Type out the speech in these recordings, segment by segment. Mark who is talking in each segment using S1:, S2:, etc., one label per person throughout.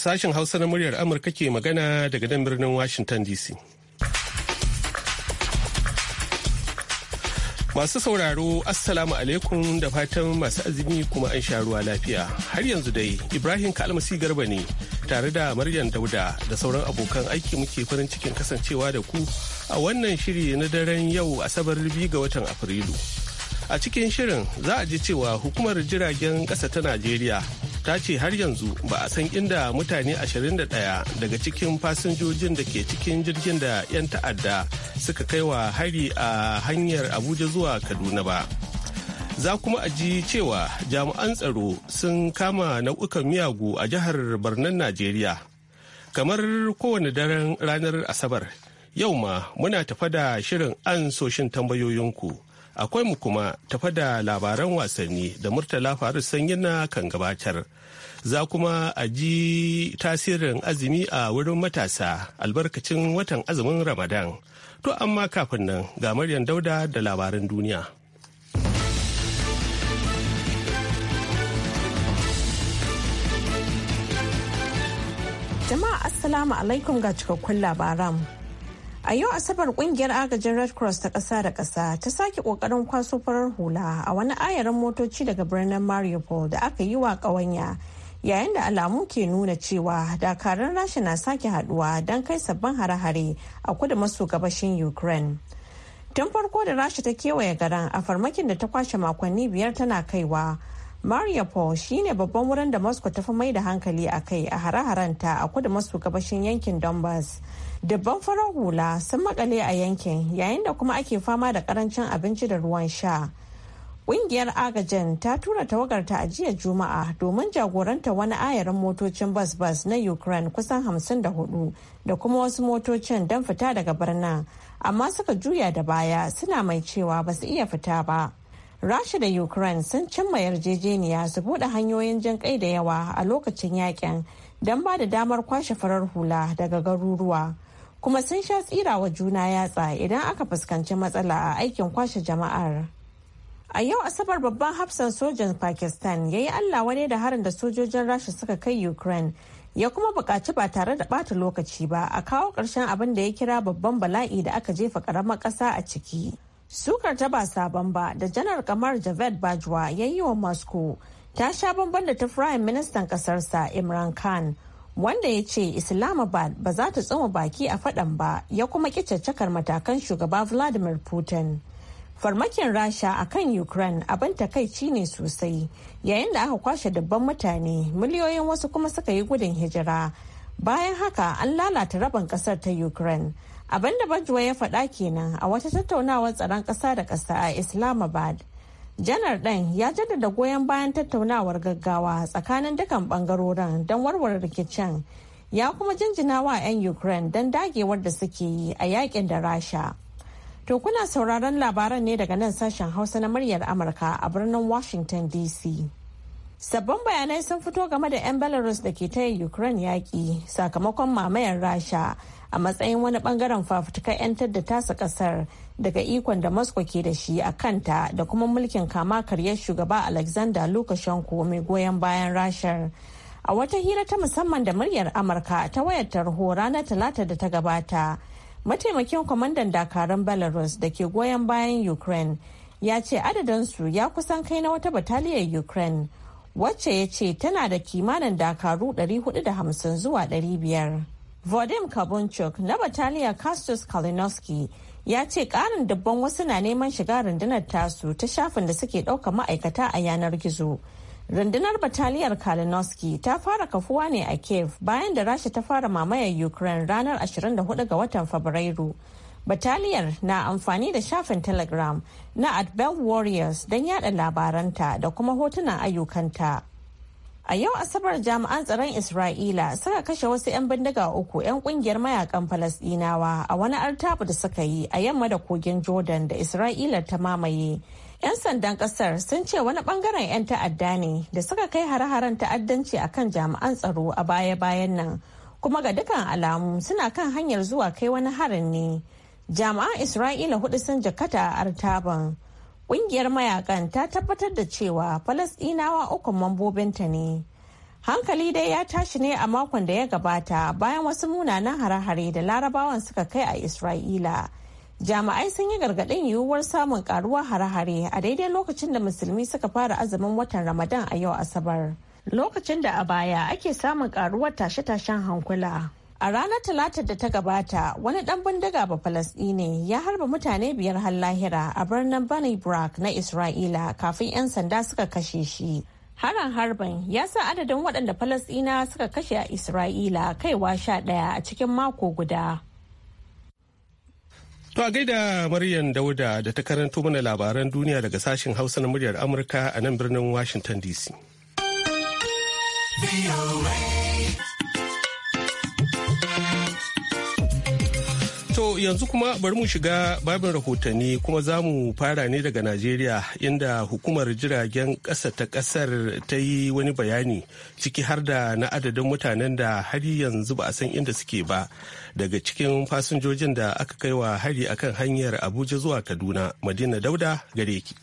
S1: Sashen Hausa na muryar Amurka ke magana daga nan birnin Washington DC. Masu sauraro, Assalamu alaikum da fatan masu azumi kuma an sha ruwa lafiya. Har yanzu dai, Ibrahim Kalmasi Garba ne tare da Maryam Dauda da sauran abokan aiki muke farin cikin kasancewa da ku a wannan shiri na daren yau Asabar 2 ga watan Afrilu. a cikin shirin za a ji cewa hukumar jiragen ƙasa ta najeriya ta ce har yanzu ba a san inda mutane 21 daga cikin fasinjojin da ke cikin jirgin da 'yan ta'adda suka kai wa hari a hanyar abuja zuwa kaduna ba za kuma a ji cewa jami'an tsaro sun kama nau'ukan miyagu a jihar barnan najeriya kamar kowane daren ranar asabar yau ma muna tafa da shirin an soshin tambayoyinku akwai mu kuma tafa da labaran wasanni da murtala faru sanyin na kan gabatar za kuma a ji tasirin azumi a wurin matasa albarkacin watan azumin ramadan to amma kafin nan ga maryam dauda da labaran duniya
S2: jama'a assalamu alaikum ga cikakkun labaran A yau Asabar kungiyar agajin Red Cross ta ƙasa da ƙasa ta sake ƙoƙarin kwaso farar hula a wani ayarin motoci daga birnin Mariupol da aka yi wa ƙawanya yayin da alamu ke nuna cewa dakarun rasha na sake haduwa don kai sabbin hare-hare a kudu maso gabashin Ukraine. Tun farko da rasha ta kewaye garan a farmakin da ta kwashe makonni biyar tana kaiwa. Mariupol shine babban wurin da Moscow ta fi mai da hankali a kai a hare haren ta a kudu maso gabashin yankin Donbass. dabban farar hula sun makale a yankin yayin da kuma ake fama da karancin abinci da ruwan sha ƙungiyar agajin ta tura tawagarta a jiya juma'a domin jagoranta wani ayarin motocin bas-bas na ukraine kusan 54 da kuma wasu motocin don fita daga birnin amma suka juya da baya suna mai cewa ba su iya fita ba rasha da ukraine sun cimma yarjejeniya su bude hanyoyin jin kai da yawa a lokacin yakin don ba da damar kwashe farar hula daga garuruwa. kuma sun sha tsira wa juna yatsa idan aka fuskanci matsala a aikin kwashe jama'ar. A yau Asabar babban hafsan sojan Pakistan ya yi Allah wani da harin da sojojin Rasha suka kai Ukraine ya kuma buƙaci ba tare da ɓata lokaci ba a kawo ƙarshen abin da ya kira babban bala'i da aka jefa ƙaramar ƙasa a ciki. Sukar ta ba sabon ba da janar kamar Javed Bajwa ya yi wa Moscow ta sha bamban da ta Firayim Ministan ƙasarsa Imran Khan. wanda ya ce islamabad ba za ta tsoma baki a faɗan ba ya kuma caccakar matakan shugaba vladimir putin farmakin rasha a kan ukraine abin takaici ne sosai yayin da aka kwashe dubban mutane miliyoyin wasu kuma suka yi gudun hijira bayan haka an lalata rabin kasar ta ukraine abinda da ya faɗa kenan a wata tattaunawar tsaron ƙasa da ƙasa a islamabad janar ɗan ya jaddada goyon bayan tattaunawar gaggawa tsakanin dukkan bangarorin don warware rikicin ya kuma jinjina wa 'yan ukraine don dagewar da suke yi a yakin da rasha to kuna sauraron labaran ne daga nan sashen hausa na muryar amurka a birnin washington dc sabbin bayanai sun fito game da 'yan belarus da ke taya ukraine yaƙi sakamakon mamayar rasha a matsayin wani bangaren fafutukar 'yantar da tasa kasar daga ikon da moscow ke da shi a kanta da kuma mulkin kama karyar shugaba alexander lukashenko mai goyon bayan rashar a wata hira ta musamman da muryar amurka ta wayar tarho ranar talata da ta gabata mataimakin kwamandan dakarun belarus da ke goyon bayan ukraine ya ce adadinsu ya kusan kai na wata bataliyar ukraine wacce ya ce tana da kimanin dakaru 450 zuwa 500 Vadim Kabunchuk na Bataliya Castus Kalinowski ya ce karin dubban wasu na neman shiga rundunar tasu ta shafin da suke ɗauka ma'aikata a yanar gizo. Rundunar Bataliyar Kalinowski ta fara kafuwa ne a Kiev bayan da Rasha ta fara mamayar Ukraine ranar 24 ga watan Fabrairu. Bataliyar na amfani da shafin Telegram na adbel Warriors don yada labaranta da kuma hotunan ayyukanta. A yau Asabar jami'an tsaron Isra'ila suka kashe wasu 'yan bindiga uku 'yan kungiyar mayakan Falasdinawa a wani artabu da suka yi a yamma da kogin Jordan da Isra'ila ta mamaye. 'Yan sandan kasar sun ce wani bangaren 'yan ta'adda ne da suka kai hare-haren ta'addanci a kan jami'an tsaro a baya-bayan nan. Kuma ga dukkan alamu suna kan hanyar zuwa kai wani harin ne. Jami'an Isra'ila hudu sun jakata a artaban. Ƙungiyar mayakan ta tabbatar da cewa Falasɗinawa ukun mambobinta ne. Hankali dai ya tashi ne a makon da ya gabata bayan wasu munanan hare-hare da larabawan suka kai a Isra'ila. Jami'ai sun yi gargaɗin yiwuwar samun karuwar hare-hare a daidai lokacin da musulmi suka fara azumin watan Ramadan a yau Asabar. Lokacin da a baya ake samun karuwar tashe-tashen hankula. A ranar Talatar da ta gabata, wani ɗan bindiga ba falasɗini ya harba mutane biyar har lahira a birnin Bani Brak na Isra'ila kafin 'yan sanda suka kashe shi. Haran harban ya sa adadin waɗanda Falasɗina suka kashe a Isra'ila kaiwa sha ɗaya a cikin mako guda.
S1: To a gaida Maryam Dauda da ta karanto mana labaran duniya daga sashen Hausa na muryar Amurka a nan birnin Washington DC. To yanzu kuma bari mu shiga babin rahotanni kuma za mu fara ne daga Najeriya inda hukumar jiragen ƙasa ta ƙasar ta yi wani bayani ciki har da na adadin mutanen da har yanzu ba a san inda suke ba daga cikin fasinjojin da aka kai wa hari akan hanyar Abuja zuwa Kaduna Madina Dauda Gareki.
S3: ki.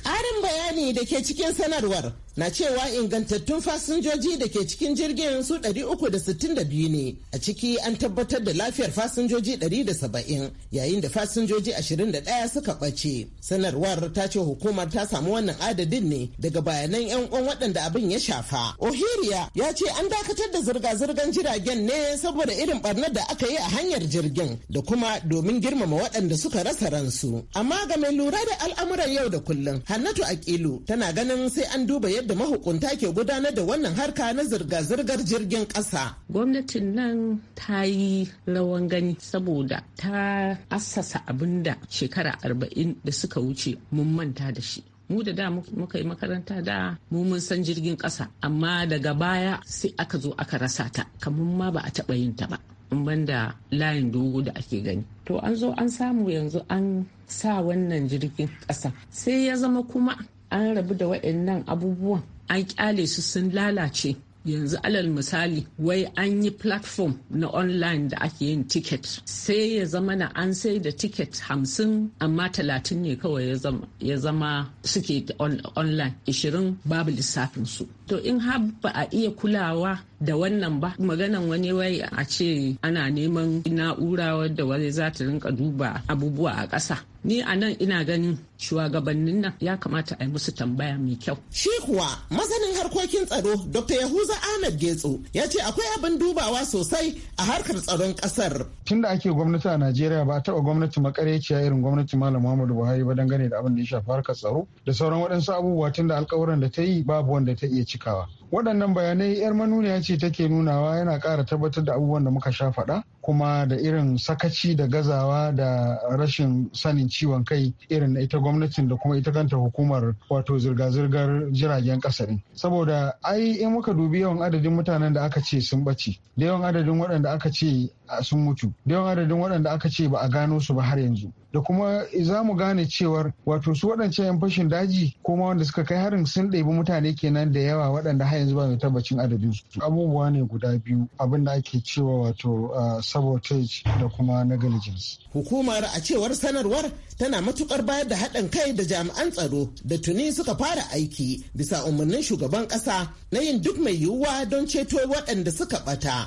S4: Ƙarin bayani da ke cikin sanarwar na cewa ingantattun fasinjoji da ke cikin jirgin su 362 ne a ciki an tabbatar da lafiyar fasinjoji 170 yayin da fasinjoji 21 suka ɓace sanarwar ta ce hukumar ta samu wannan adadin ne daga bayanan 'yan uwan waɗanda abin ya shafa ohiriya ya ce an dakatar da zirga-zirgar jiragen ne saboda irin barnar da aka yi a hanyar jirgin da kuma domin girmama waɗanda suka rasa ransu amma game lura da al'amuran yau da kullum hannatu akilu tana ganin sai an duba yadda yadda mahukunta ke gudanar da wannan harka na zirga-zirgar jirgin ƙasa.
S5: Gwamnatin nan ta yi rawan gani saboda ta assasa abin da shekara arba'in da suka wuce mun manta da shi. mu da da muka yi makaranta da mu mun san jirgin ƙasa amma daga baya sai aka zo aka rasa ta kamar ma ba a taɓa yin ta ba in banda layin dogo da ake gani to an zo an samu yanzu an sa wannan jirgin ƙasa sai ya zama kuma an rabu da waɗannan abubuwan an kyale su sun lalace yanzu alal misali wai an yi platform na online da ake yin ticket sai ya zama na an sai da ticket hamsin amma talatin ne kawai ya zama suke online ishirin babu lissafin su to in har ba a iya kulawa da wannan ba maganan wani wai a ce ana neman na'ura wadda wani za ta rinka duba abubuwa a ƙasa ni a nan ina ganin shugabannin nan ya kamata a yi musu tambaya mai kyau.
S4: Shi kuwa masanin harkokin tsaro Dr. Yahuza Ahmed Getso ya ce akwai abin dubawa sosai a harkar tsaron ƙasar.
S6: Tun da ake gwamnati a Najeriya ba taɓa gwamnati makareciya irin gwamnati Malam Muhammadu Buhari ba dangane da abin da ya shafi harkar tsaro da sauran waɗansu abubuwa tun da alkawuran da ta yi babu wanda ta iya mística lá. waɗannan bayanai 'yar manuniya ce take nunawa yana ƙara tabbatar da abubuwan da muka sha faɗa kuma da irin sakaci da gazawa da rashin sanin ciwon kai irin na ita gwamnatin da kuma ita kanta hukumar wato zirga-zirgar jiragen ƙasarin saboda ai in muka dubi yawan adadin mutanen da aka ce sun ɓace da yawan adadin waɗanda aka ce sun mutu da yawan adadin waɗanda aka ce ba a gano su ba har yanzu da kuma za mu gane cewar wato su waɗancan 'yan fashin daji kuma wanda suka kai harin sun ɗebi mutane kenan da yawa waɗanda har yanzu ba mai tabbacin adadin su abubuwa ne guda biyu abin da ake cewa wato ah, sabotage
S4: da kuma negligence hukumar a cewar sanarwar tana matukar bayar da haɗin kai da jami'an tsaro da tuni suka fara aiki bisa umarnin shugaban ƙasa na yin duk mai yiwuwa don ceto waɗanda suka ɓata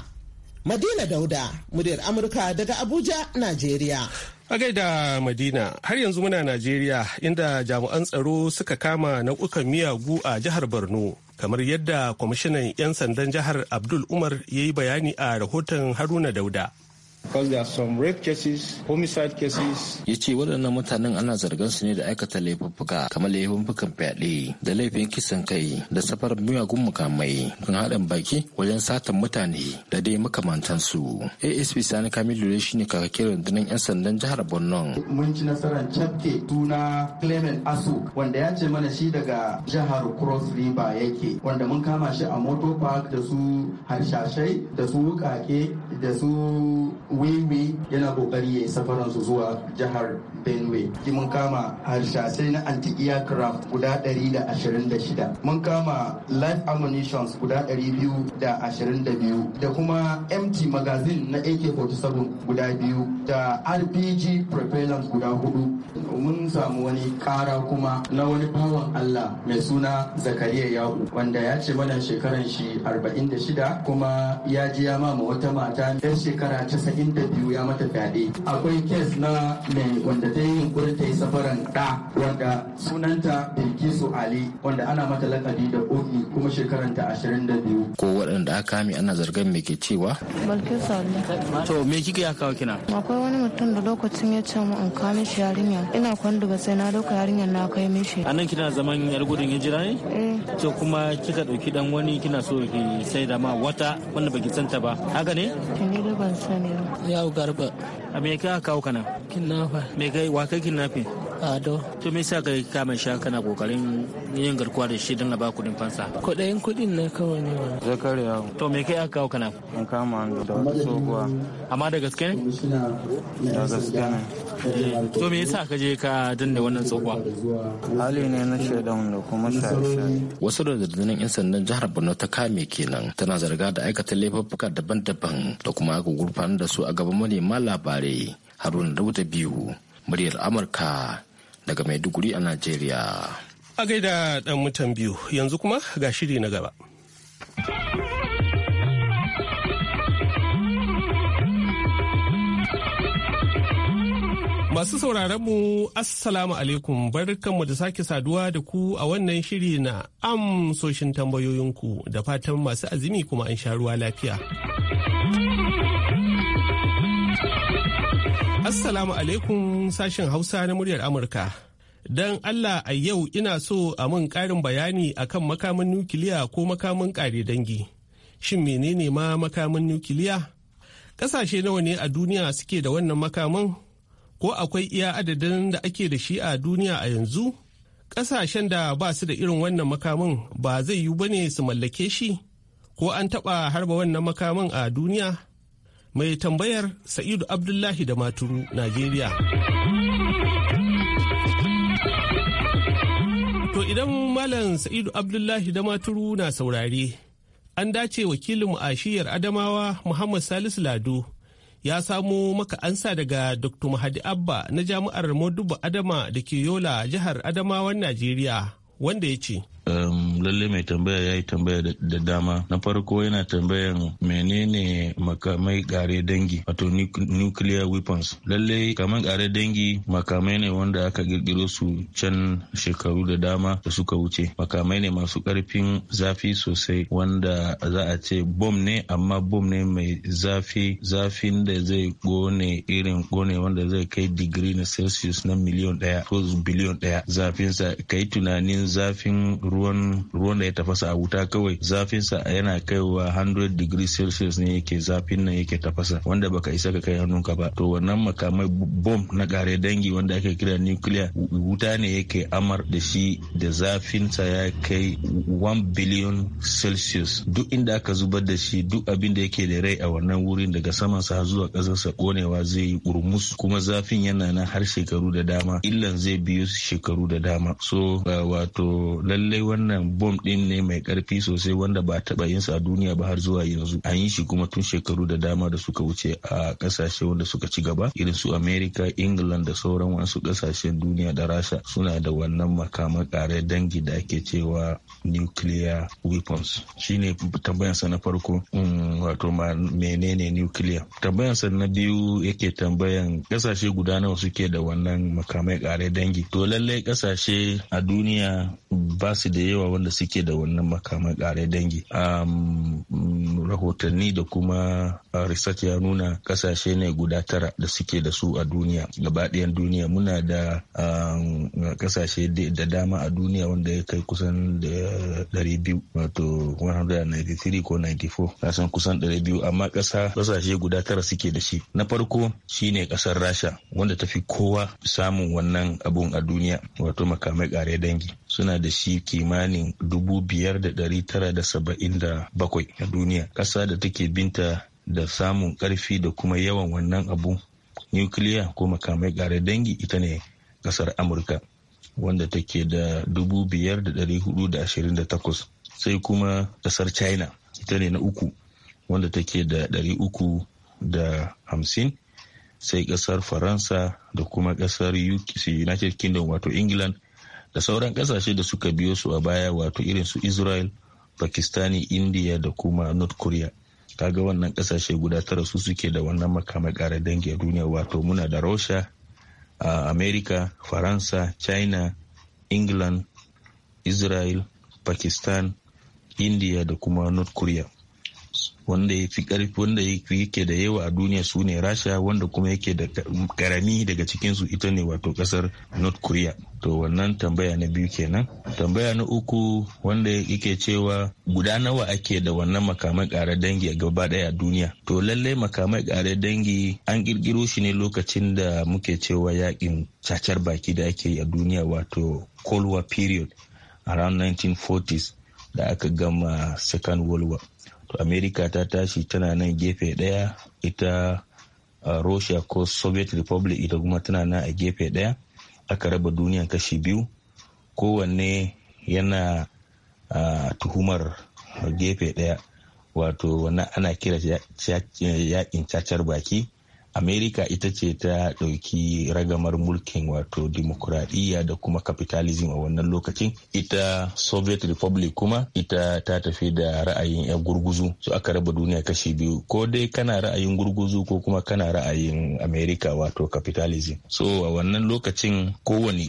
S4: madina dauda muryar amurka daga abuja najeriya
S1: A gaida Madina har yanzu muna Najeriya inda jami'an tsaro suka kama nau'ukan miyagu a jihar Borno kamar yadda kwamishinan 'yan sandan jihar abdul umar ya yi bayani a rahoton haruna dauda
S6: Ya ce waɗannan mutanen ana zargan su ne da aikata laifuffuka kamar laifuffukan fyaɗe da laifin kisan kai da safar miyagun mukamai don haɗin baki wajen satan mutane da dai su. ASP Sani Kamilu ne shine kakakin rundunar 'yan sandan jihar Borno.
S7: Mun ci nasarar cafke tuna Clement Asu wanda ya ce mana shi daga jihar Cross River yake wanda mun kama shi a moto Park da su harshashai da su wukake da su wiwi yana kokari ya yi safaransu zuwa jihar benue mun kama harsasai na anti-aircraft guda 126 mun kama life ammunitions guda 222 da kuma mt magazine na ak-47 guda biyu da rpg propellant guda hudu mun samu wani kara kuma na wani bawan allah mai suna zakariya yahu wanda ya ce mana shekaran shi 46 kuma ya ji ya mama wata mata 'yan shekara 92 ya mata fyaɗe akwai kes na mai wanda da ta yi yunkurin ta yi safaran ɗa wanda sunanta Bilkisu Ali
S6: wanda ana mata lakabi da ogi kuma shekaran da 22. Ko waɗanda aka kame ana zargan me ke cewa?
S2: Bilkisu Ali.
S6: To me kika ya kawo kina?
S2: Akwai wani mutum da lokacin ya ce mun in shi yarinya. Ina kwanduga sai na dauka yarinyar na kai mishi.
S6: A nan kina zaman yar gudun hijira ne? Eh. To kuma kika ɗauki dan wani kina so ki sai da ma wata wanda baki santa ba. Haka ne? Ni da ban sani ba. garba. A me ka kawo kana? fa Me kai wa kai kidnapping do. to me sa kai kama shi kana kokarin yin garkuwa da shi don ba kudin fansa
S4: kudayen kudin ne kawai ne
S6: zakariya to me kai aka kawo kana an kama da so kuwa amma da gaske ne da gaske ne to me yasa ka je ka danne wannan tsohuwa hali ne na shaidan da kuma shaye wasu wasu rundunar yan sandan jihar borno ta kame kenan tana zarga da aikata laifuffuka daban-daban da kuma aka gurfanar da su a gaban manema labarai haruna dauda biyu muryar amurka daga maiduguri a najeriya
S1: a gaida dan mutan biyu yanzu kuma ga shiri na gaba Masu sauraron mu Assalamu alaikum barkanmu da sake saduwa da ku a wannan shiri na amsoshin tambayoyinku da fatan masu azumi kuma an sha ruwa lafiya. Assalamu alaikum sashen Hausa na muryar Amurka. Don Allah a yau ina so a mun ƙarin bayani akan makamin nukiliya ko makamin ƙare dangi. Shin menene ma makamin nukiliya? Ƙasashe nawa ne a duniya suke da wannan makamin? Ko akwai iya adadin da ake da shi a duniya a yanzu? Ƙasashen da ba su da irin wannan makamin ba zai yiwu bane su mallake shi? Ko an taɓa harba wannan makamin a duniya? mai tambayar sa'idu abdullahi da maturu najeriya to idan malam sa'idu abdullahi da maturu na saurare an dace wakilin a shiyar adamawa muhammad salisu lado ya samo maka ansa daga dr mahadi abba na jami'ar modubu adama da ke yola jihar adamawan najeriya wanda ya ce
S3: Um, lalle mai tambaya ya yi tambaya da dama na farko yana tambayan menene makamai kare dangi wato nuclear weapons lalle kamar kare dangi makamai ne wanda aka girgiro su can shekaru da dama da suka wuce makamai ne masu karfin zafi sosai wanda za a ce bom ne amma bom ne mai zafi zafin da zai gone irin gone wanda zai kai digiri na celsius na miliyon daya ko biliyon daya zafinsa kai tunanin zafin ruwa ruwan ruwan da ya tafasa a wuta kawai zafin sa yana kaiwa 100 degree celsius ne yake zafin nan yake tafasa wanda baka isa ka kai hannunka ba to wannan makamai bomb na kare dangi wanda ake kira nuclear wuta ne yake amar da shi da zafin sa ya kai 1 billion celsius duk inda aka zubar da shi duk abin da yake da rai a wannan wurin daga saman sa zuwa kasar sa konewa zai yi kurmus kuma zafin yana nan har shekaru da dama illan zai biyo shekaru da dama so uh, wato lallai wannan bom din ne mai karfi sosai wanda ba taba yin sa a duniya ba har zuwa yanzu an yi shi kuma tun shekaru da dama da suka wuce a kasashe wanda suka ci gaba irin su america england da sauran wasu kasashen duniya da rasha suna da wannan makaman kare dangi da ake cewa nuclear weapons shine tambayansa na farko um, wato menene nuclear tambayansa na biyu yake tambayan kasashe guda nawa suke da wannan makamai kare dangi to lallai kasashe a duniya ba su da yawa wanda suke da wannan makaman kare dangi rahotanni da kuma ah, research ya nuna kasashe ne guda tara da suke da su a duniya gabaɗayan duniya muna da kasashe da dama a duniya wanda ya kai kusan da biyu wato 193 ko 94 kasan kusan biyu amma ƙasa kasashe guda tara suke da shi na farko shine ƙasar rasha wanda tafi kowa samun wannan abun a duniya wato makamai kare dangi suna da shi kimanin dubu biyar da tara a duniya ƙasa da take binta da samun ƙarfi da kuma yawan wannan abu nukiliya ko makamai ƙare dangi ita ne ƙasar amurka wanda take da dubu sai kuma ƙasar china ita ne na uku wanda take da ɗari da hamsin sai ƙasar faransa da kuma ƙasar united kingdom wato england da sauran kasashe da suka biyo su a baya wato irin su israel pakistani india da kuma north korea kaga wannan kasashe guda tara su suke da wannan makamai kara dangi a duniya wato muna da russia uh, america faransa china england israel pakistan india da kuma north korea wanda ya fi karfi wanda yake da yawa a duniya su ne rasha wanda kuma yake da karami daga cikinsu ita ne wato kasar north korea to wannan tambaya na biyu kenan tambaya na uku wanda yake cewa guda nawa ake da wannan makamai kare dangi a gaba daya duniya to lallai makamai kare dangi an ƙirƙiro shi ne lokacin da muke cewa yakin cacar baki da ake yi a duniya wato cold war period around 1940s da aka gama second world war to america ta tashi tana nan gefe daya ita uh, russia ko soviet republic ita kuma tana nan a gefe daya aka raba duniyan kashi biyu kowanne yana uh, tuhumar gefe daya wato wannan ana kira yakin cacar baki amerika ita ce ta ɗauki ragamar mulkin wato dimokuraɗiyya da kuma capitalism a wannan lokacin ita soviet republic kuma ita ta tafi da ra'ayin 'yan gurguzu su aka raba duniya kashi biyu ko dai kana ra'ayin gurguzu ko kuma kana ra'ayin amerika wato capitalism so a wannan lokacin kowane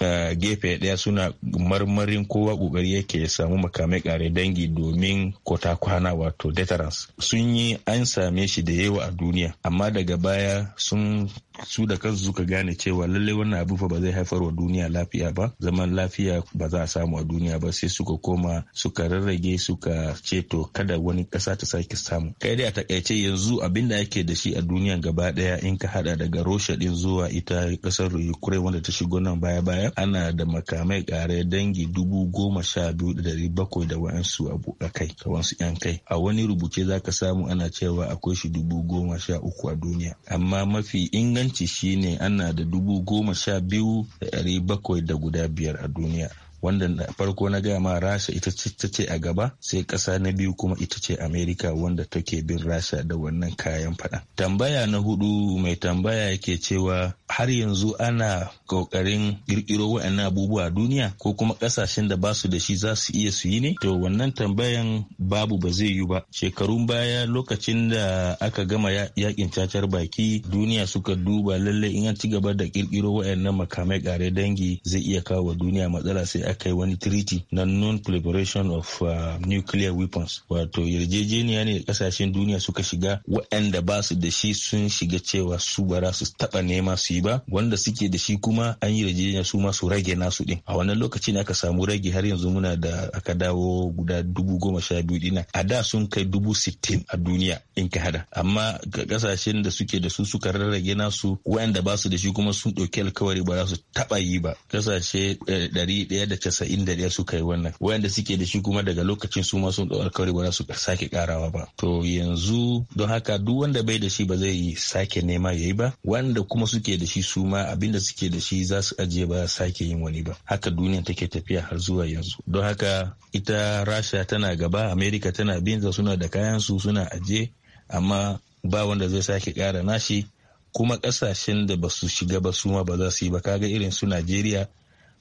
S3: eh, gefe ɗaya suna marmarin kowa ƙoƙari yake ya samu makamai ƙare dangi domin kota kwana wato deterrence sun yi an same shi da yawa a duniya amma daga baya sun su da kansu suka gane cewa lallai wannan abu fa ba zai haifar wa duniya lafiya ba zaman lafiya ba za a samu a duniya ba sai suka koma suka rarrage suka ce to kada wani kasa ta sake samu kai dai a takaice yanzu abin da yake da shi a duniya gaba daya in ka hada daga Russia din zuwa ita kasar Ukraine wanda ta shigo nan baya baya ana da makamai kare dangi dubu goma sha biyu da dari bakwai da wa'ansu abu a kai da wasu yan kai a wani rubuce zaka samu ana cewa akwai shi dubu goma sha uku a duniya amma mafi inganci shine ana da dubu goma sha biyu da ɗari bakwai da guda biyar a duniya wanda farko na gaya ma rasha ita ce a gaba sai ƙasa na biyu kuma ita ce amerika wanda take bin rasha da wannan kayan faɗa tambaya na hudu mai tambaya yake cewa har yanzu ana kokarin kirkiro waɗannan abubuwa a duniya ko kuma ƙasashen da ba su da shi za su iya su yi ne to wannan tambayan babu ba zai yi ba shekarun baya lokacin da aka gama yakin cacar baki duniya suka duba lalle in an ci gaba da kirkiro waɗannan makamai kare dangi zai iya kawo wa duniya matsala sai aka yi wani treaty na non proliferation of uh, nuclear weapons wato yarjejeniya ne kasashen duniya suka shiga waɗanda ba su da shi sun shiga cewa su ba su taɓa nema su yi ba wanda suke da shi kuma ma an yi yarjejeniya su ma su rage nasu din a wannan lokaci ne aka samu rage har yanzu muna da aka dawo guda dubu goma sha biyu dina a da sun kai dubu sittin a duniya in ka hada amma ga kasashen da suke da su suka rarrage nasu wayanda ba su da shi kuma sun ɗauki alkawari ba za su taɓa yi ba kasashe eh, ɗari daya da casa'in da ɗaya suka yi wannan wayanda suke da shi kuma daga lokacin su ma sun alkawari ba za su sake karawa ba to yanzu don haka duk wanda bai da shi ba zai sake nema ya yi ba wanda kuma suke da shi su ma abinda suke da shi lokaci za su ajiye ba sake yin wani ba haka duniya take tafiya har zuwa yanzu don haka ita rasha tana gaba america tana binza suna da kayan su suna ajiye amma ba wanda zai sake kara nashi kuma kasashen da ba su shiga ba su ma ba za su yi ba kaga irin su najeriya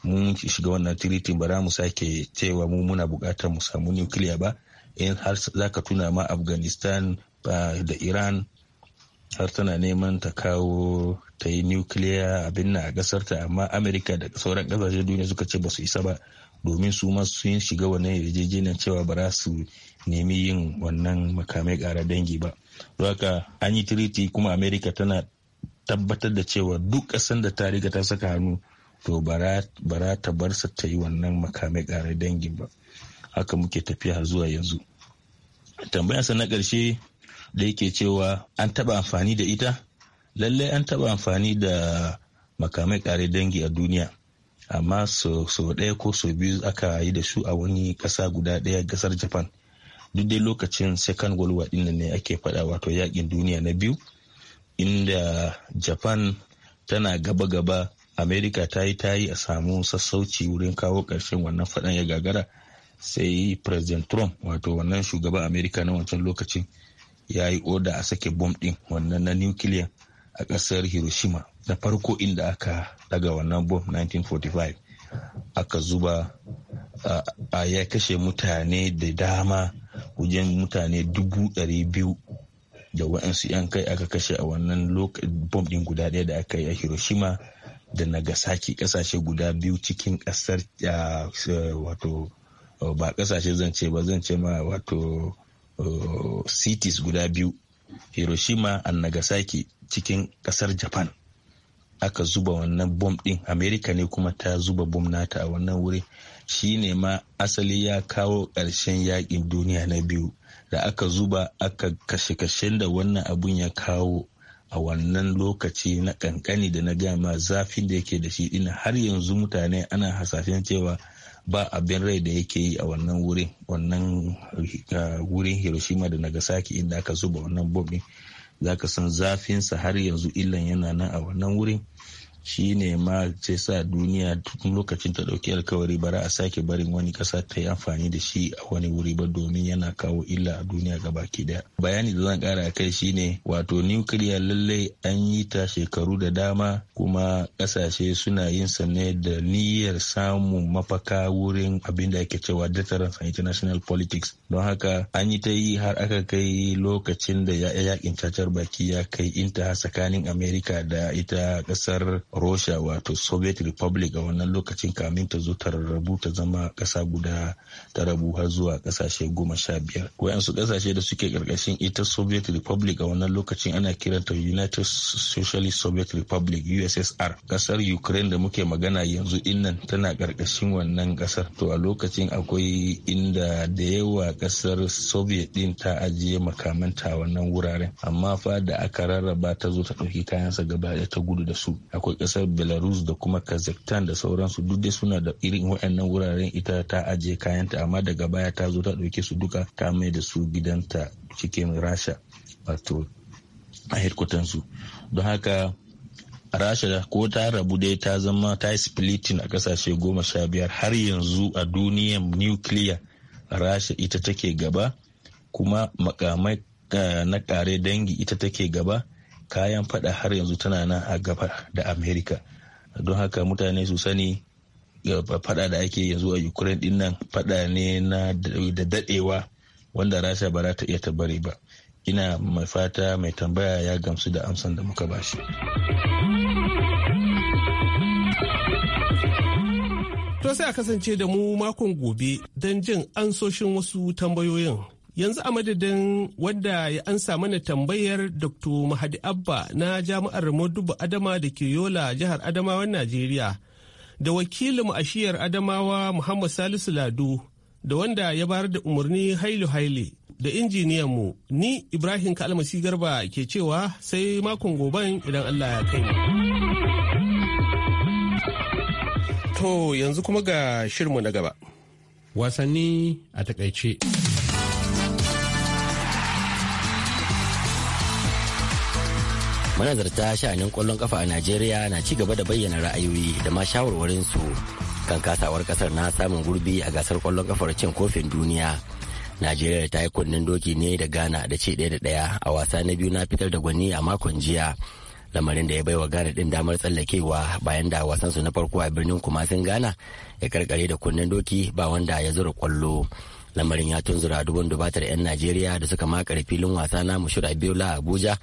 S3: mun shiga wannan tiriti ba za mu sake cewa mu muna bukatar mu samu nukiliya ba in har za ka tuna ma afghanistan ah, da iran har tana neman ta kawo ta yi nukiliya abin na a ƙasarta amma amerika da sauran ƙasashen duniya suka ce ba su isa ba domin su ma sun shiga wannan yarjejeniyar cewa ba za su nemi yin wannan makamai ƙara dangi ba don haka an yi tiriti kuma amerika tana tabbatar da cewa duk ƙasar da ta ta saka hannu to ba za ta bar sa ta yi wannan makamai ƙara dangi ba haka muke tafiya zuwa yanzu tambayarsa na ƙarshe da yake cewa an taba amfani da ita lallai an taɓa amfani da makamai ƙare dangi a duniya amma sau ɗaya ko sau biyu aka yi da su a wani ƙasa guda ɗaya ƙasar japan duk dai lokacin second world war ɗin ne ake faɗa wato yaƙin duniya na biyu inda japan tana gaba-gaba america ta yi tayi a samu sassauci wurin kawo ƙarshen wannan faɗan ya gagara sai president trump wato wannan shugaban america na wancan lokacin ya yi oda a sake bom din wannan na nukiliya a kasar Hiroshima da farko inda aka daga wannan bom 1945 aka zuba a ya kashe mutane da dama wajen mutane dubu ɗari biyu da wa'ansu 'yan kai aka kashe a wannan bom din guda ɗaya da aka yi a Hiroshima da Nagasaki kasashe guda biyu cikin ƙasar wato ba ƙasashe zance ba zance ma wato Uh, cities guda biyu hiroshima a nagasaki cikin kasar japan aka zuba wannan bom din amerika ne kuma ta zuba bom nata a wannan wuri shi ne ma asali ya kawo ƙarshen yakin duniya na biyu da aka zuba aka kashe-kashen da wannan abun ya kawo a wannan lokaci na kankani da na gama zafin da yake da shi ina har yanzu mutane ana hasashen cewa ba abin rai da yake yi a wannan wurin wannan uh, wurin hiroshima da nagasaki inda aka zuba wannan bom ɗin zaka san zafinsa har yanzu illan yana nan a wannan wurin shi ne ma ce sa duniya tun lokacin ta ɗauki alkawari bara a sake barin wani ƙasa ta yi amfani da shi a wani wuri ba domin yana kawo illa a duniya ga baki ɗaya. bayani da zan ƙara kai shi ne wato nukiliya lallai an yi ta shekaru da dama kuma ƙasashe suna yin sane da niyyar samun mafaka wurin abin da ake cewa deterrence and international politics don haka an yi ta yi har aka kai lokacin da ya cacar baki ya kai inta tsakanin america da ita ƙasar Russia wato Soviet Republic a wannan lokacin kamin ta zo ta rarrabu ta zama ƙasa guda ta rabu har zuwa ƙasashe goma sha biyar. Wayansu ƙasashe da suke ƙarƙashin ita Soviet Republic a wannan lokacin ana kiranta United Socialist Soviet Republic USSR. Ƙasar Ukraine da muke magana yanzu innan tana karkashin wannan ƙasar. To a lokacin akwai inda da yawa ƙasar Soviet din ta ajiye makamanta wannan wuraren. Amma fa da aka rarraba ta zo ta ɗauki kayansa gaba ta gudu da su. Akwai kasar belarus da kuma kazakhstan da sauransu duk dai suna da irin waɗannan wuraren ita ta ajiye kayanta amma daga baya ta zo ta ɗauke su duka ta mai da su gidanta cikin rasha wato a hirkutansu don haka rasha ko ta rabu dai ta zama ta yi splitting a kasashe goma sha biyar har yanzu a duniyan nukiliya rasha ita take gaba kuma makamai eh, na kare dangi ita take gaba kayan fada har yanzu tana nan a gaba da america don haka mutane su sani fada da ake yanzu a ukraine din nan fada ne na da dadewa wanda rasha ba za ta iya tabare ba ina mai fata mai tambaya ya gamsu da amsan da muka bashi
S6: to
S1: sai a kasance da mu makon gobe don jin ansoshin wasu tambayoyin Yanzu a madadin wadda ya ansa mana tambayar Dr. Mahadi Abba na Jami'ar Modubu Adama da ke Yola jihar Adamawan Najeriya da wakilin ashiyar Adamawa Muhammad Salisu Ladu da wanda ya bar da umarni hailu haile da mu ni Ibrahim Kalmasi Garba ke cewa sai makon goban idan Allah ya kai. To yanzu kuma ga shirmu na gaba. Wasanni a takaice.
S8: manazarta sha'anin kwallon kafa a najeriya na ci gaba da bayyana ra'ayoyi da ma shawarwarin su kan kasawar kasar na samun gurbi a gasar kwallon kafar cin kofin duniya najeriya ta yi kunnen doki ne da ghana da ce ɗaya da ɗaya a wasa na biyu na fitar da gwani a makon jiya lamarin da ya bai wa Ghana din damar tsallakewa bayan da wasansu na farko a birnin kumasin Ghana ya karkare da kunnen doki ba wanda ya zura kwallo. Lamarin ya tunzura dubun dubatar 'yan Najeriya da suka makare filin wasa na biyu la Abuja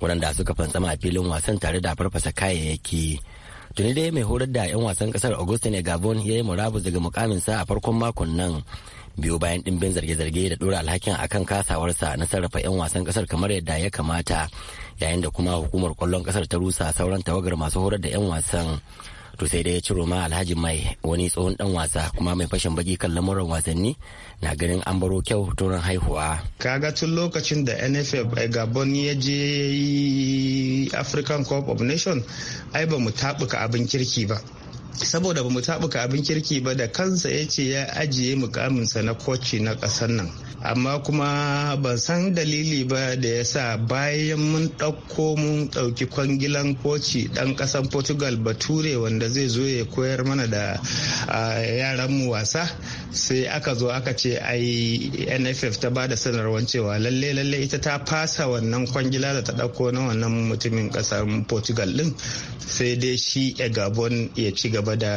S8: waɗanda suka fantsama a filin wasan tare da farfasa kayayyaki tuni dai mai horar da 'yan wasan kasar augustine gabon ya yi murabus daga mukaminsa a farkon makon nan biyu bayan ɗimbin zarge-zarge da ɗora alhakin akan kasawarsa na sarrafa 'yan wasan kasar kamar yadda ya kamata yayin da kuma hukumar kwallon kasar ta rusa sauran tawagar masu horar da 'yan wasan to sai dai ya ciro ma alhaji mai wani tsohon dan wasa kuma mai fashin baki kan lamuran wasanni na ganin an baro kyau turan haihuwa
S7: kaga tun lokacin da nff eh, gabon ya je african cup of nation ai ba mu tabuka abin kirki ba saboda ba mu tabuka abin kirki ba da kansa ya ce ya ajiye mukaminsa na koci na ƙasar nan amma kuma ban san dalili ba da ya sa bayan mun ɗauko mun ɗauki kwangilan koci ɗan ƙasan portugal bature wanda zai zo ya koyar mana da yaran mu wasa sai aka zo aka ce ai nff ta bada sanarwar cewa lalle lalle ita ta fasa wannan kwangila da ta ɗauko na wannan mutumin ƙasar portugal ɗin sai dai shi ya gabon ya ci gaba da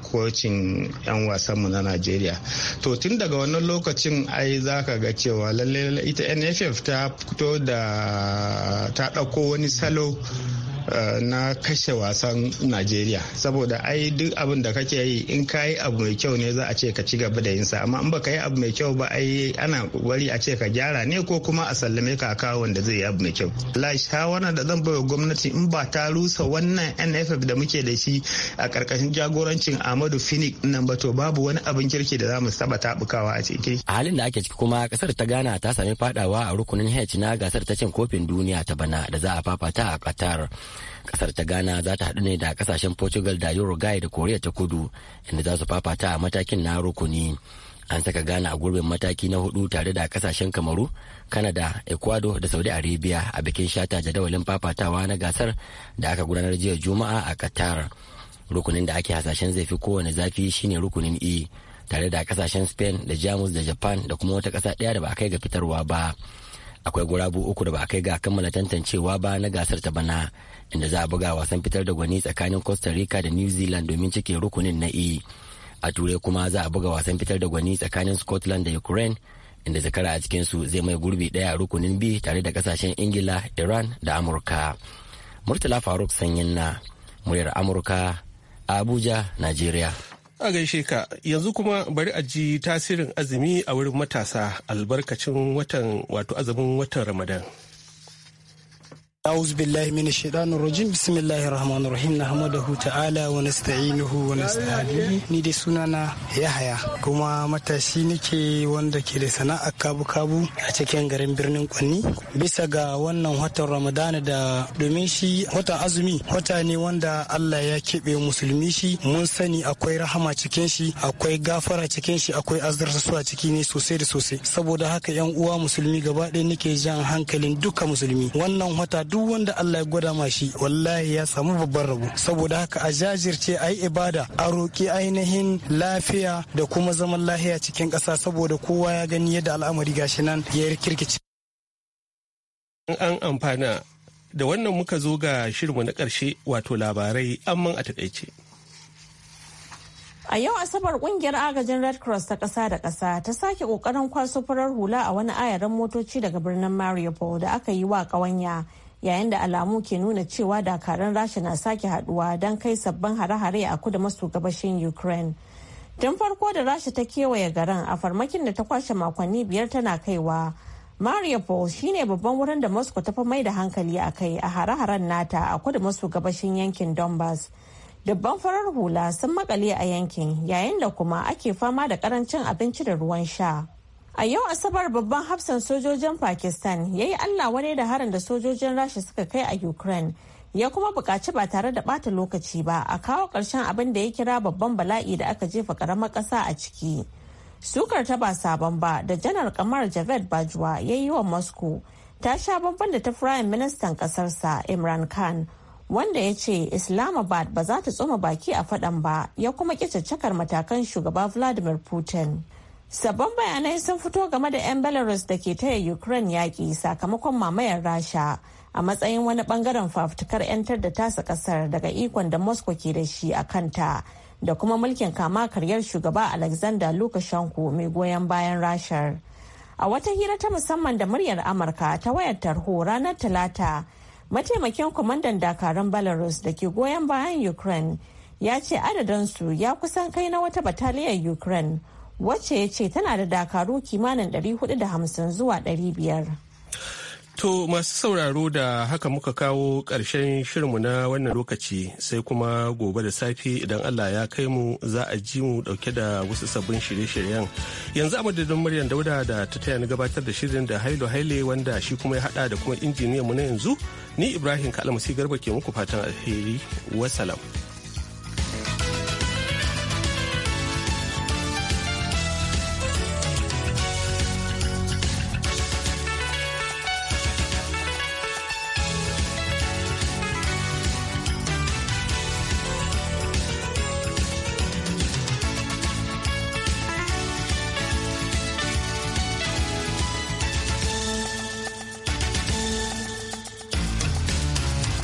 S7: kocin 'yan wasanmu na najeriya to tun daga wannan lokaci lokacin ai za ka ga cewa lallai ita nff ta fito da ta ɗauko wani salo Eh, na kashe wasan najeriya saboda ai duk abin da kake yi in ka yi abu mai kyau ne za a ce ka ci gaba da yinsa amma in baka yi abu mai kyau ba ai ana wari a ce ka gyara ne ko kuma a sallame ka kawo wanda zai yi abu mai kyau ta shawara da zan baiwa gwamnati in ba ta rusa wannan nff da muke da shi a karkashin jagorancin amadu finik nan ba to babu wani abin kirki da za mu saba bukawa a ciki
S8: a halin da ake ciki kuma kasar ta ghana ta sami fadawa a rukunin h na gasar ta cin kofin duniya ta bana da za a fafata a qatar kasar ta ghana za ta haɗu ne da kasashen portugal da uruguay da korea ta kudu inda za su fafata a matakin na rukuni an saka ghana a gurbin mataki na hudu tare da kasashen kamaru kanada ecuador da saudi arabia a bikin shata jadawalin fafatawa na gasar da aka gudanar jiya juma'a a qatar rukunin da ake hasashen zai fi kowane zafi shine rukunin e tare da kasashen spain da jamus da japan da kuma wata kasa daya da ba a kai ga fitarwa ba akwai gurabu uku da ba a kai ga kammala tantancewa ba na gasar ta bana inda za a buga wasan fitar da gwani tsakanin costa rica da new zealand domin cike rukunin na e a turai kuma za a buga wasan fitar da gwani tsakanin scotland da ukraine inda zakara a cikinsu zai mai gurbi daya rukunin b tare da kasashen ingila iran da amurka murtala faruk sanyin na muryar amurka abuja nigeria
S1: A gaishe ka yanzu kuma bari a ji tasirin azumi a wurin matasa albarkacin watan wato azumin watan Ramadan. أعوذ بالله من
S7: الشيطان الرجيم بسم الله الرحمن الرحيم نحمده تعالى ونستعينه ونستهديه ni dai sunana Yahaya kuma matashi nake wanda ke da sana'a kabu-kabu a cikin garin birnin Kwanni bisa ga wannan watan Ramadana da domin shi watan azumi wata ne wanda Allah ya keɓe musulmi shi mun sani akwai rahama cikin shi akwai gafara cikin shi akwai su a ciki ne sosai da sosai saboda haka yan uwa musulmi gaba ɗaya nake jan hankalin duka musulmi wannan wata duk wanda Allah ya gwada ma shi wallahi ya samu babban rabo saboda haka a jajirce a yi ibada a roƙi ainihin lafiya da kuma zaman lahiya cikin ƙasa saboda kowa ya gani yadda al'amari gashi nan ya rikirkice.
S1: An amfana da wannan muka zo ga shirinmu na ƙarshe wato labarai amman a taƙaice.
S2: A yau Asabar kungiyar agajin Red Cross ta ƙasa da ƙasa ta sake ƙoƙarin kwaso farar hula a wani ayaran motoci daga birnin Mariupol da aka yi wa ƙawanya yayin da alamu ke nuna cewa dakaran rasha na sake haduwa don kai sabbin hare-hare a kudu maso gabashin ukraine tun farko da rasha ta kewaye garin a farmakin da ta kwashe makonni biyar tana kaiwa mariupol shine babban wurin da moscow ta fi mai da hankali a kai a hare-haren nata a kudu maso gabashin yankin donbass dubban farar hula sun makale a yankin yayin da kuma ake fama da karancin abinci da ruwan sha A yau Asabar babban hafsan sojojin Pakistan ya yi Allah wani da harin da sojojin Rasha suka kai a Ukraine ya kuma bukaci ba tare da bata lokaci ba a kawo ƙarshen abin da ya kira babban bala'i da aka jefa ƙaramar ƙasa a ciki. Sukar ta ba sabon ba da janar kamar Javed Bajwa ya yi wa Moscow ta sha babban da ta firayim ministan ƙasarsa Imran Khan wanda ya ce Islamabad ba za ta tsoma baki a faɗan ba ya kuma ƙi matakan shugaba Vladimir Putin. Sabon bayanai sun fito game da 'yan Belarus da ke taya Ukraine yaƙi sakamakon mamayar Rasha a matsayin wani bangaren fafutukar 'yantar da tasa ƙasar daga ikon da Moscow ke da shi a kanta da kuma mulkin kama karyar shugaba Alexander Lukashenko mai goyon bayan Rashar. A wata hira ta musamman da muryar Amurka ta wayar tarho ranar Talata, mataimakin kwamandan dakarun Belarus da ke goyon bayan Ukraine ya ce adadinsu ya kusan kai na wata bataliyar Ukraine wacce ya ce tana da dakaru kimanin 450 zuwa 500.
S1: To masu sauraro da haka muka kawo ƙarshen shirinmu na wannan lokaci sai kuma gobe da safe idan Allah ya kai mu za a ji mu ɗauke da wasu sabbin shirye-shiryen. Yanzu a madadin Maryam Dauda da ta taya ni gabatar da shirin da Hailo Haile wanda shi kuma ya haɗa da kuma injiniyan mu na yanzu ni Ibrahim Kalamusi Garba ke muku fatan alheri. wasalam